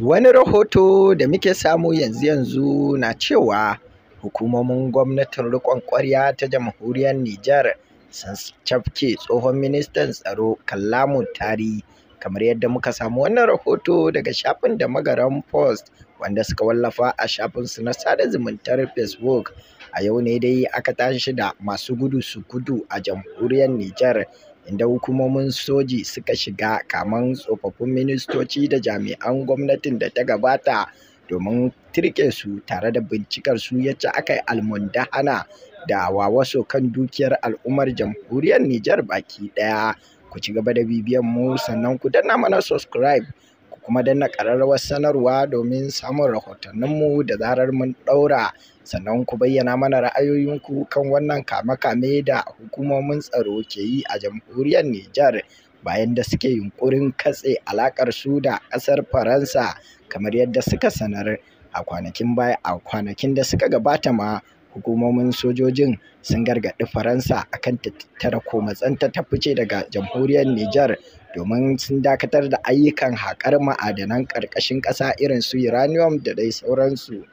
Wani rahoto da muke samu yanzu-yanzu na cewa hukumomin gwamnatin riƙon ƙwarya ta jamhuriyar Nijar sun cafke tsohon ministan tsaro Kalamu Tari kamar yadda muka samu wannan rahoto daga shafin da magaran post wanda suka wallafa a shafin su na sada zumuntar facebook a yau ne dai aka tashi da masu gudu su gudu a jamhuriyar Nijar inda hukumomin soji suka shiga kamar tsofaffin ministoci da jami'an gwamnatin da ta gabata domin tirke su tare da bincikar su yace aka yi almundahana da wawaso kan dukiyar al'ummar jamhuriyar Nijar baki ɗaya. Ku ci gaba da bibiyan mu sannan ku danna mana subscribe kuma danna ƙararrawar sanarwa domin samun rahotanninmu da zarar mun ɗaura sannan ku bayyana mana ra'ayoyinku kan wannan kame-kame da hukumomin tsaro ke yi a jamhuriyar Nijar bayan da suke yunƙurin katse alakar su da ƙasar Faransa kamar yadda suka sanar a kwanakin baya a kwanakin da suka gabata ma hukumomin sojojin sun gargaɗi faransa akan ta tattara ko matsanta ta fice daga jamhuriyar Nijar domin sun dakatar da ayyukan haƙar ma'adanan ƙarƙashin ƙasa irin su uranium da dai sauransu